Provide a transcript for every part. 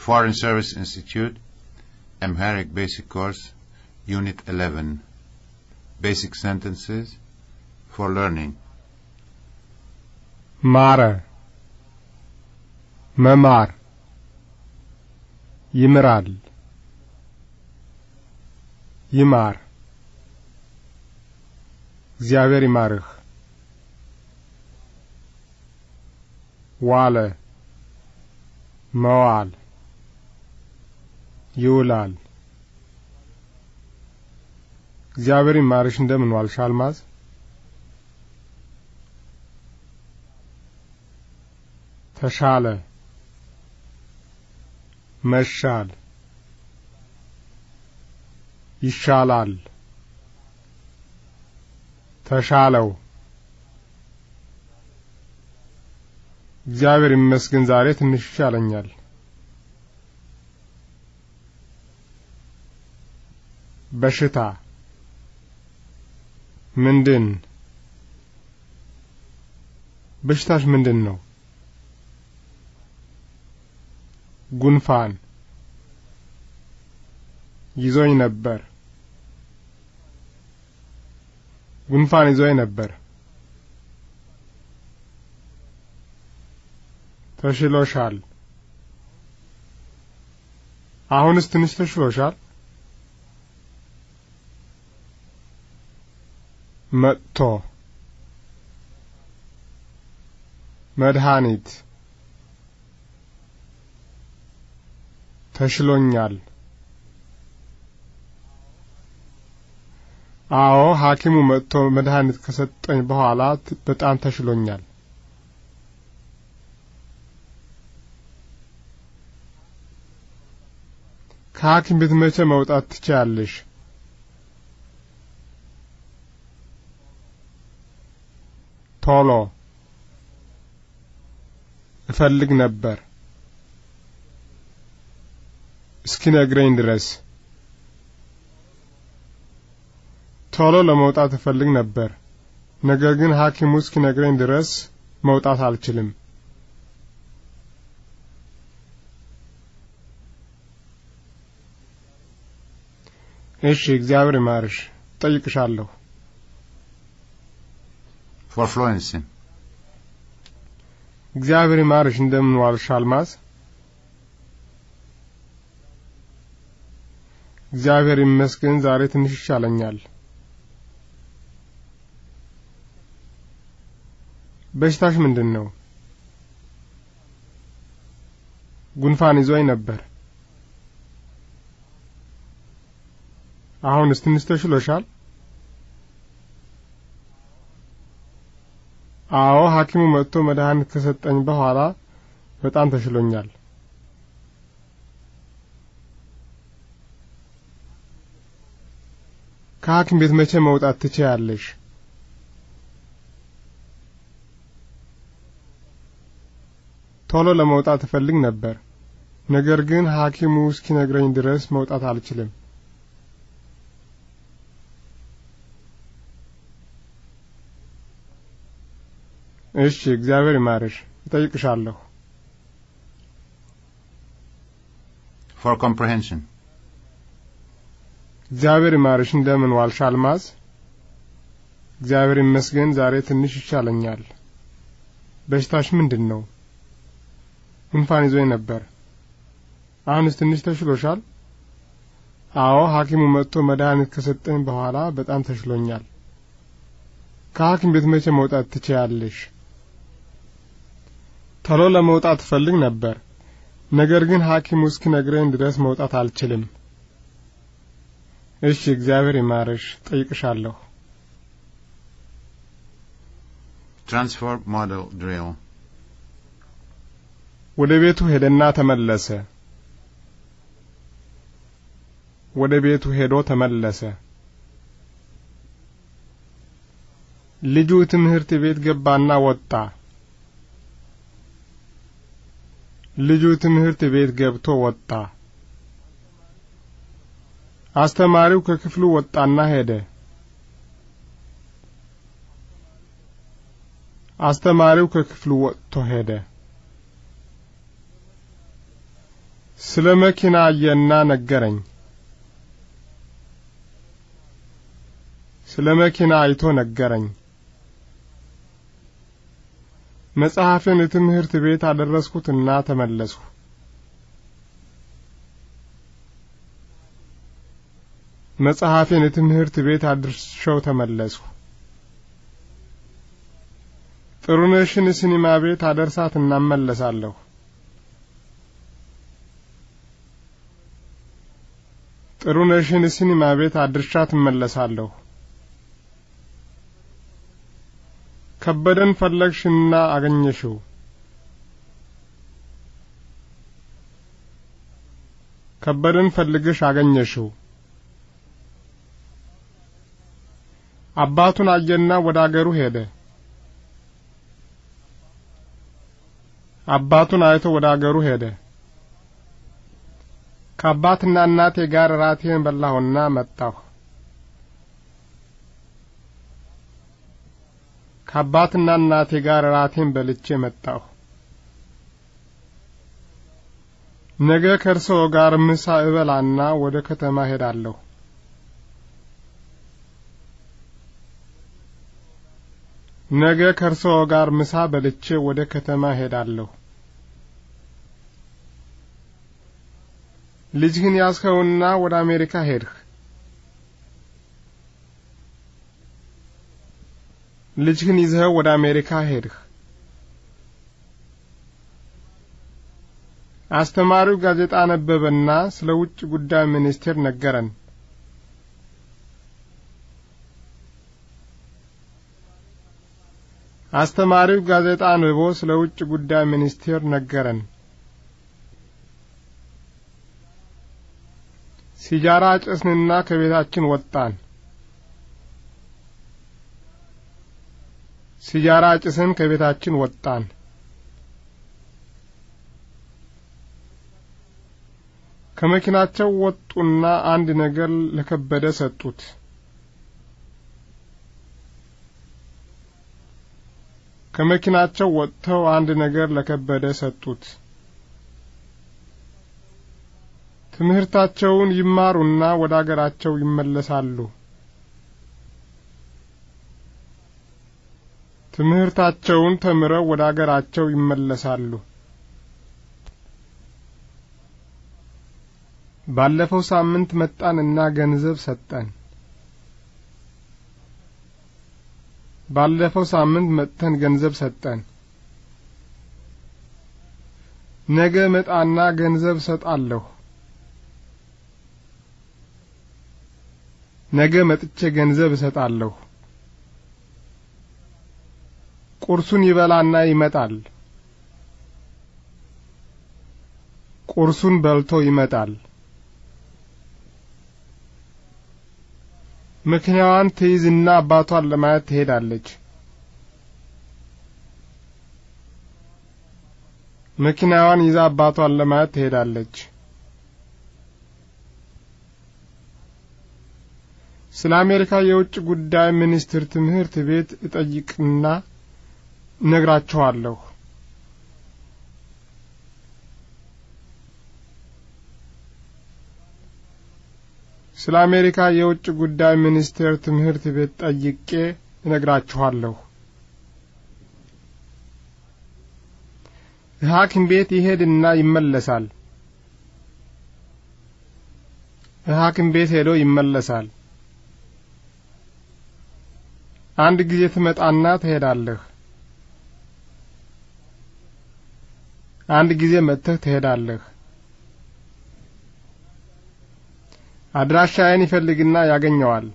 Foreign Service Institute, Amharic Basic Course, Unit 11, Basic Sentences for Learning. ማረ mamar, ይምራል ymar, እግዚአብሔር ይማርህ Wale, መዋል ይውላል። እግዚአብሔር ይማርሽ። እንደምን ዋልሽ አልማዝ? ተሻለ መሻል ይሻላል ተሻለው እግዚአብሔር ይመስገን ዛሬ ትንሽ ይሻለኛል። በሽታ ምንድን በሽታሽ ምንድን ነው? ጉንፋን ይዞኝ ነበር። ጉንፋን ይዞኝ ነበር። ተሽሎሻል። አሁንስ ትንሽ ተሽሎሻል? መጥቶ መድኃኒት ተሽሎኛል። አዎ ሐኪሙ መጥቶ መድኃኒት ከሰጠኝ በኋላ በጣም ተሽሎኛል። ከሐኪም ቤት መቼ መውጣት ትችያለሽ? ቶሎ እፈልግ ነበር እስኪነግረኝ ድረስ ቶሎ ለመውጣት እፈልግ ነበር፣ ነገር ግን ሐኪሙ እስኪነግረኝ ድረስ መውጣት አልችልም። እሺ፣ እግዚአብሔር ይማርሽ። ጠይቅሻለሁ። ፎር ፍሎረንስ እግዚአብሔር ይማርሽ። እንደምን ዋልሽ አልማዝ? እግዚአብሔር ይመስገን ዛሬ ትንሽ ይሻለኛል። በሽታሽ ምንድን ነው? ጉንፋን ይዞኝ ነበር። አሁንስ ትንሽ ተሽሎሻል? አዎ ሐኪሙ መጥቶ መድኃኒት ከሰጠኝ በኋላ በጣም ተሽሎኛል። ከሐኪም ቤት መቼ መውጣት ትችያለሽ? ቶሎ ለመውጣት እፈልግ ነበር፣ ነገር ግን ሐኪሙ እስኪነግረኝ ድረስ መውጣት አልችልም። እሺ፣ እግዚአብሔር ይማርሽ። እጠይቅሻለሁ። for comprehension እግዚአብሔር ይማርሽ። እንደምን ዋልሽ አልማዝ? እግዚአብሔር ይመስገን ዛሬ ትንሽ ይሻለኛል። በሽታሽ ምንድን ነው? ጉንፋን ይዞኝ ነበር። አሁንስ ትንሽ ተሽሎሻል? አዎ፣ ሐኪሙ መጥቶ መድኃኒት ከሰጠኝ በኋላ በጣም ተሽሎኛል። ከሐኪም ቤት መቼ መውጣት ትችያለሽ? ተሎ ለመውጣት እፈልግ ነበር። ነገር ግን ሐኪሙ እስኪነግረኝ ድረስ መውጣት አልችልም። እሺ፣ እግዚአብሔር ይማርሽ። ጠይቅሻለሁ። ትራንስፎርም ሞዴል ድሪል ወደ ቤቱ ሄደና ተመለሰ። ወደ ቤቱ ሄዶ ተመለሰ። ልጁ ትምህርት ቤት ገባና ወጣ። ልጁ ትምህርት ቤት ገብቶ ወጣ። አስተማሪው ከክፍሉ ወጣና ሄደ። አስተማሪው ከክፍሉ ወጥቶ ሄደ። ስለ መኪና አየና ነገረኝ። ስለ መኪና አይቶ ነገረኝ። መጽሐፍን ትምህርት ቤት አደረስኩትና ተመለስሁ። መጽሐፌን ትምህርት ቤት አድርሻው ተመለስሁ። ጥሩነሽን ሲኒማ ቤት አደርሳት እናመለሳለሁ። ጥሩነሽን ሲኒማ ቤት አድርሻት እመለሳለሁ። ከበደን ፈለግሽና አገኘሽው። ከበደን ፈልግሽ አገኘሽው። አባቱን አየና ወደ አገሩ ሄደ። አባቱን አይቶ ወደ አገሩ ሄደ። ከአባትና እናቴ ጋር ራቴን በላሁና መጣሁ። ከአባትና እናቴ ጋር ራቴን በልቼ መጣሁ። ነገ ከእርስዎ ጋር ምሳ እበላና ወደ ከተማ ሄዳለሁ። ነገ ከእርስዎ ጋር ምሳ በልቼ ወደ ከተማ ሄዳለሁ። ልጅህን ያዝኸውና ወደ አሜሪካ ሄድህ። ልጅህን ይዘኸው ወደ አሜሪካ ሄድህ። አስተማሪው ጋዜጣ ነበበና ስለ ውጭ ጉዳይ ሚኒስቴር ነገረን። አስተማሪው ጋዜጣ አንብቦ ስለ ውጭ ጉዳይ ሚኒስቴር ነገረን። ሲጃራ ጭስንና ከቤታችን ወጣን። ሲጃራ ጭሰን ከቤታችን ወጣን። ከመኪናቸው ወጡና አንድ ነገር ለከበደ ሰጡት። ከመኪናቸው ወጥተው አንድ ነገር ለከበደ ሰጡት። ትምህርታቸውን ይማሩና ወደ አገራቸው ይመለሳሉ። ትምህርታቸውን ተምረው ወደ አገራቸው ይመለሳሉ። ባለፈው ሳምንት መጣንና ገንዘብ ሰጠን። ባለፈው ሳምንት መጥተን ገንዘብ ሰጠን። ነገ መጣና ገንዘብ ሰጣለሁ። ነገ መጥቼ ገንዘብ እሰጣለሁ። ቁርሱን ይበላና ይመጣል። ቁርሱን በልቶ ይመጣል። መኪናዋን ትይዝና አባቷን ለማየት ትሄዳለች። መኪናዋን ይዛ አባቷን ለማየት ትሄዳለች። ስለ አሜሪካ የውጭ ጉዳይ ሚኒስትር ትምህርት ቤት እጠይቅና እነግራችኋለሁ። ስለ አሜሪካ የውጭ ጉዳይ ሚኒስቴር ትምህርት ቤት ጠይቄ እነግራችኋለሁ። ሐኪም ቤት ይሄድና ይመለሳል። ሐኪም ቤት ሄዶ ይመለሳል። አንድ ጊዜ ትመጣና ትሄዳለህ። አንድ ጊዜ መጥተህ ትሄዳለህ። አድራሻዬን ይፈልግና ያገኘዋል።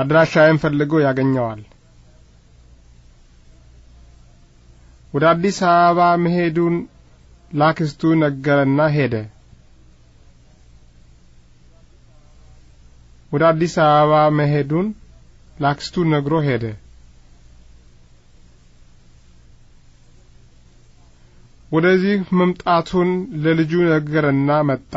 አድራሻዬን ፈልጎ ያገኘዋል። ወደ አዲስ አበባ መሄዱን ላክስቱ ነገረና ሄደ። ወደ አዲስ አበባ መሄዱን ላክስቱ ነግሮ ሄደ። ወደዚህ መምጣቱን ለልጁ ነገረና መጣ።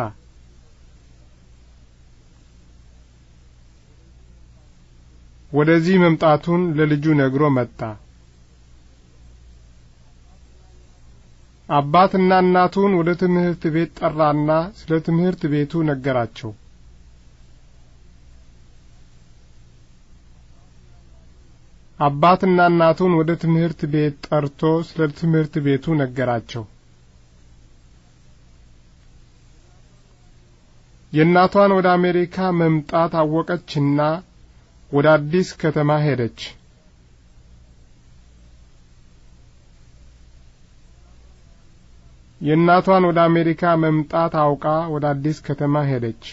ወደዚህ መምጣቱን ለልጁ ነግሮ መጣ። አባትና እናቱን ወደ ትምህርት ቤት ጠራና ስለ ትምህርት ቤቱ ነገራቸው። አባትና እናቱን ወደ ትምህርት ቤት ጠርቶ ስለ ትምህርት ቤቱ ነገራቸው። የእናቷን ወደ አሜሪካ መምጣት አወቀችና ወደ አዲስ ከተማ ሄደች። የእናቷን ወደ አሜሪካ መምጣት አውቃ ወደ አዲስ ከተማ ሄደች።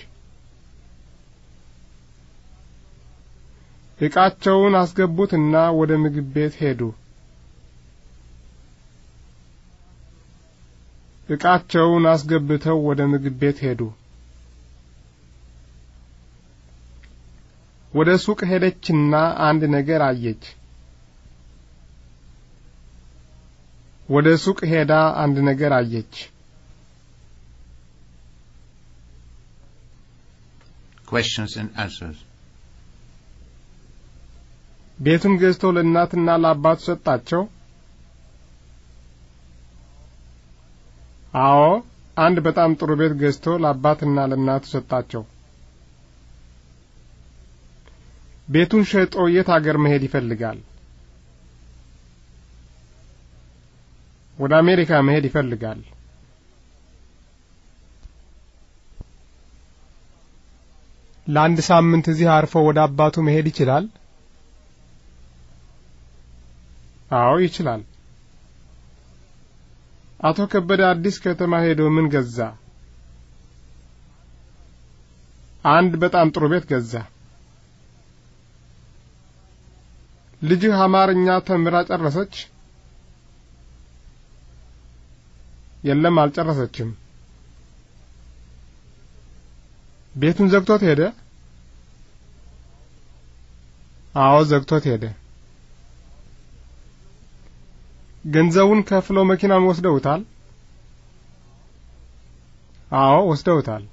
ዕቃቸውን አስገቡትና ወደ ምግብ ቤት ሄዱ። ዕቃቸውን አስገብተው ወደ ምግብ ቤት ሄዱ። ወደ ሱቅ ሄደችና አንድ ነገር አየች። ወደ ሱቅ ሄዳ አንድ ነገር አየች። Questions and answers. ቤቱን ገዝቶ ለእናትና ለአባቱ ሰጣቸው? አዎ፣ አንድ በጣም ጥሩ ቤት ገዝቶ ለአባትና ለእናቱ ሰጣቸው። ቤቱን ሸጦ የት አገር መሄድ ይፈልጋል? ወደ አሜሪካ መሄድ ይፈልጋል። ለአንድ ሳምንት እዚህ አርፎ ወደ አባቱ መሄድ ይችላል? አዎ ይችላል። አቶ ከበደ አዲስ ከተማ ሄዶ ምን ገዛ? አንድ በጣም ጥሩ ቤት ገዛ። ልጅህ አማርኛ ተምራ ጨረሰች? የለም አልጨረሰችም። ቤቱን ዘግቶት ሄደ? አዎ ዘግቶት ሄደ። ገንዘቡን ከፍለው መኪናን ወስደውታል? አዎ ወስደውታል።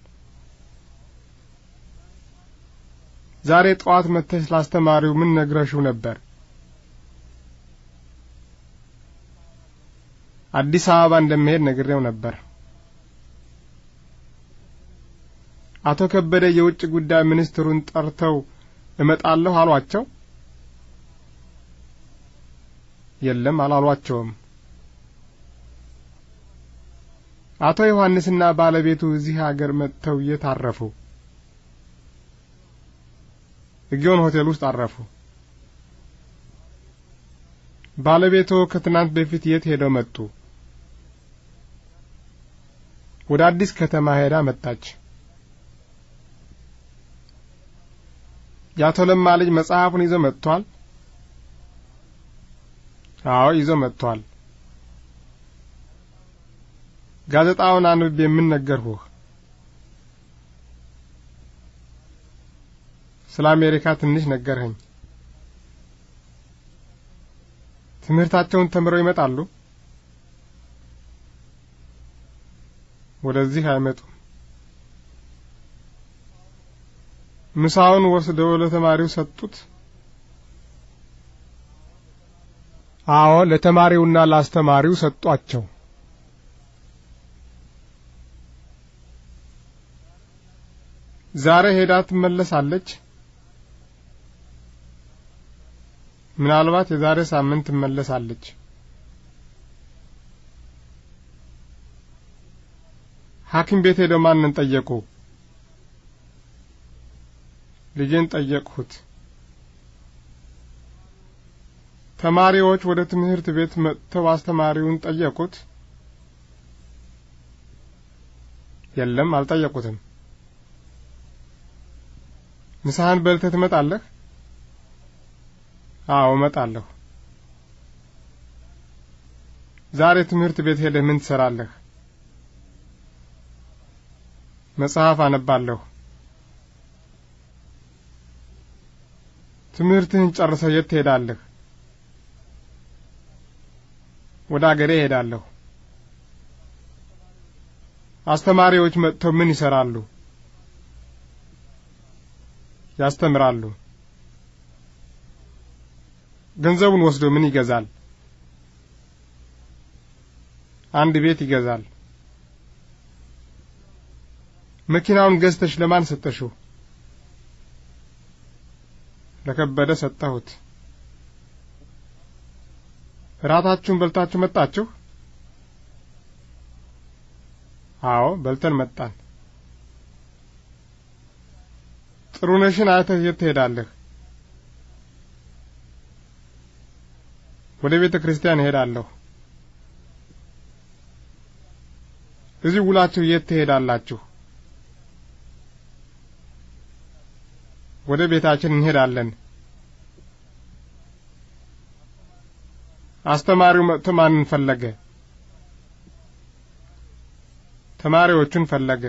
ዛሬ ጠዋት መጥተሽ ላስተማሪው ምን ነግረሽው ነበር? አዲስ አበባ እንደመሄድ ነግሬው ነበር። አቶ ከበደ የውጭ ጉዳይ ሚኒስትሩን ጠርተው እመጣለሁ አሏቸው? የለም አላሏቸውም። አቶ ዮሐንስና ባለቤቱ እዚህ አገር መጥተው የታረፉ ጊዮን ሆቴል ውስጥ አረፉ። ባለቤቱ ከትናንት በፊት የት ሄደው መጡ? ወደ አዲስ ከተማ ሄዳ መጣች። የአቶ ለማ ልጅ መጽሐፉን ይዞ መጥቷል። አዎ ይዞ መጥቷል። ጋዜጣውን አንብቤ ምን ነገርሁህ? ስለ አሜሪካ ትንሽ ነገርኸኝ። ትምህርታቸውን ተምረው ይመጣሉ? ወደዚህ አይመጡም። ምሳውን ወስደው ለተማሪው ሰጡት? አዎ ለተማሪውና ለአስተማሪው ሰጧቸው። ዛሬ ሄዳ ትመለሳለች። ምናልባት የዛሬ ሳምንት ትመለሳለች። ሐኪም ቤት ሄደው ማንን ጠየቁ? ልጄን ጠየቅሁት። ተማሪዎች ወደ ትምህርት ቤት መጥተው አስተማሪውን ጠየቁት? የለም፣ አልጠየቁትም። ምሳህን በልተህ ትመጣለህ? አዎ፣ እመጣለሁ። ዛሬ ትምህርት ቤት ሄደህ ምን ትሰራለህ? መጽሐፍ አነባለሁ። ትምህርትህን ጨርሰህ የት ትሄዳለህ? ወደ አገሬ እሄዳለሁ። አስተማሪዎች መጥተው ምን ይሰራሉ? ያስተምራሉ። ገንዘቡን ወስዶ ምን ይገዛል? አንድ ቤት ይገዛል። መኪናውን ገዝተሽ ለማን ሰጠሽው? ለከበደ ሰጠሁት። እራታችሁን በልታችሁ መጣችሁ? አዎ በልተን መጣን። ጥሩነሽን አይተህ የት ትሄዳለህ? ወደ ቤተ ክርስቲያን እሄዳለሁ። እዚህ ውላችሁ የት ትሄዳላችሁ? ወደ ቤታችን እንሄዳለን። አስተማሪው መጥቶ ማንን ፈለገ? ተማሪዎቹን ፈለገ።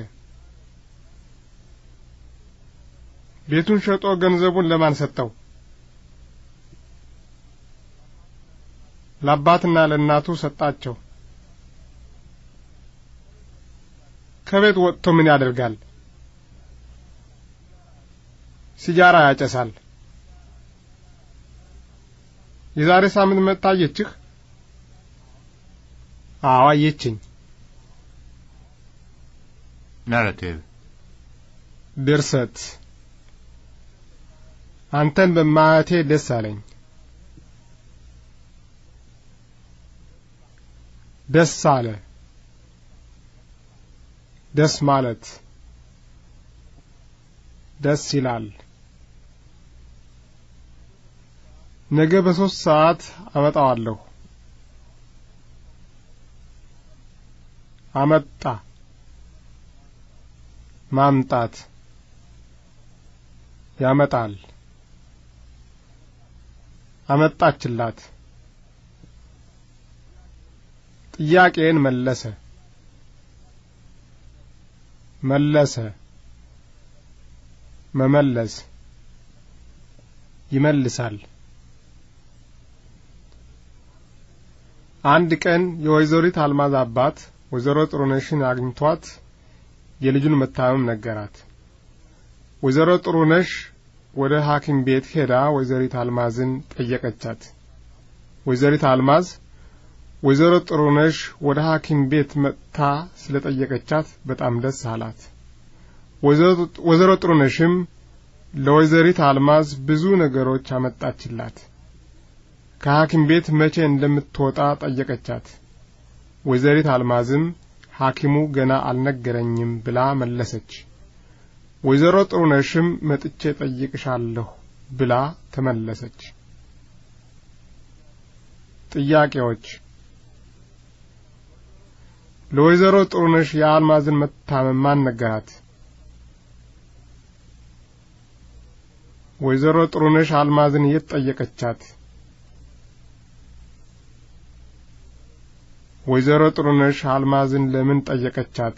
ቤቱን ሸጦ ገንዘቡን ለማን ሰጠው? ለአባትና ለእናቱ ሰጣቸው። ከቤት ወጥቶ ምን ያደርጋል? ሲጃራ ያጨሳል። የዛሬ ሳምንት መጥታ አየችህ? አዎ አየችኝ። ናራቲቭ ድርሰት አንተን በማየቴ ደስ አለኝ። ደስ አለ። ደስ ማለት ደስ ይላል። ነገ በሶስት ሰዓት አመጣዋለሁ። አመጣ ማምጣት ያመጣል። አመጣችላት ጥያቄን መለሰ መለሰ መመለስ ይመልሳል። አንድ ቀን የወይዘሪት አልማዝ አባት ወይዘሮ ጥሩነሽን አግኝቷት የልጁን መታመም ነገራት። ወይዘሮ ጥሩነሽ ወደ ሐኪም ቤት ሄዳ ወይዘሪት አልማዝን ጠየቀቻት። ወይዘሪት አልማዝ ወይዘሮ ጥሩነሽ ወደ ሐኪም ቤት መጥታ ስለ ጠየቀቻት በጣም ደስ አላት። ወይዘሮ ጥሩነሽም ለወይዘሪት አልማዝ ብዙ ነገሮች አመጣችላት። ከሐኪም ቤት መቼ እንደምትወጣ ጠየቀቻት። ወይዘሪት አልማዝም ሐኪሙ ገና አልነገረኝም ብላ መለሰች። ወይዘሮ ጥሩነሽም መጥቼ ጠይቅሻለሁ ብላ ተመለሰች። ጥያቄዎች ለወይዘሮ ጥሩነሽ የአልማዝን መታመም ማን ነገራት? ወይዘሮ ጥሩነሽ አልማዝን የት ጠየቀቻት? ወይዘሮ ጥሩነሽ አልማዝን ለምን ጠየቀቻት?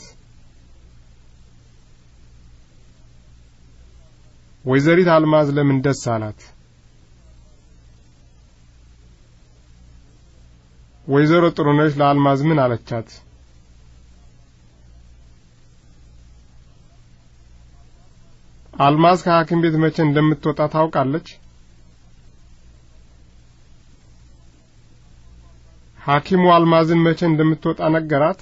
ወይዘሪት አልማዝ ለምን ደስ አላት? ወይዘሮ ጥሩነሽ ለአልማዝ ምን አለቻት? አልማዝ ከሐኪም ቤት መቼ እንደምትወጣ ታውቃለች? ሐኪሙ አልማዝን መቼ እንደምትወጣ ነገራት።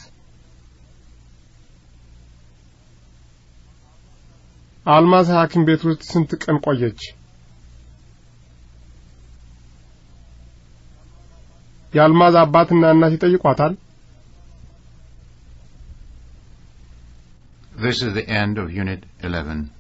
አልማዝ ሐኪም ቤት ውስጥ ስንት ቀን ቆየች? የአልማዝ አባትና እናት ይጠይቋታል። This is the end of Unit 11.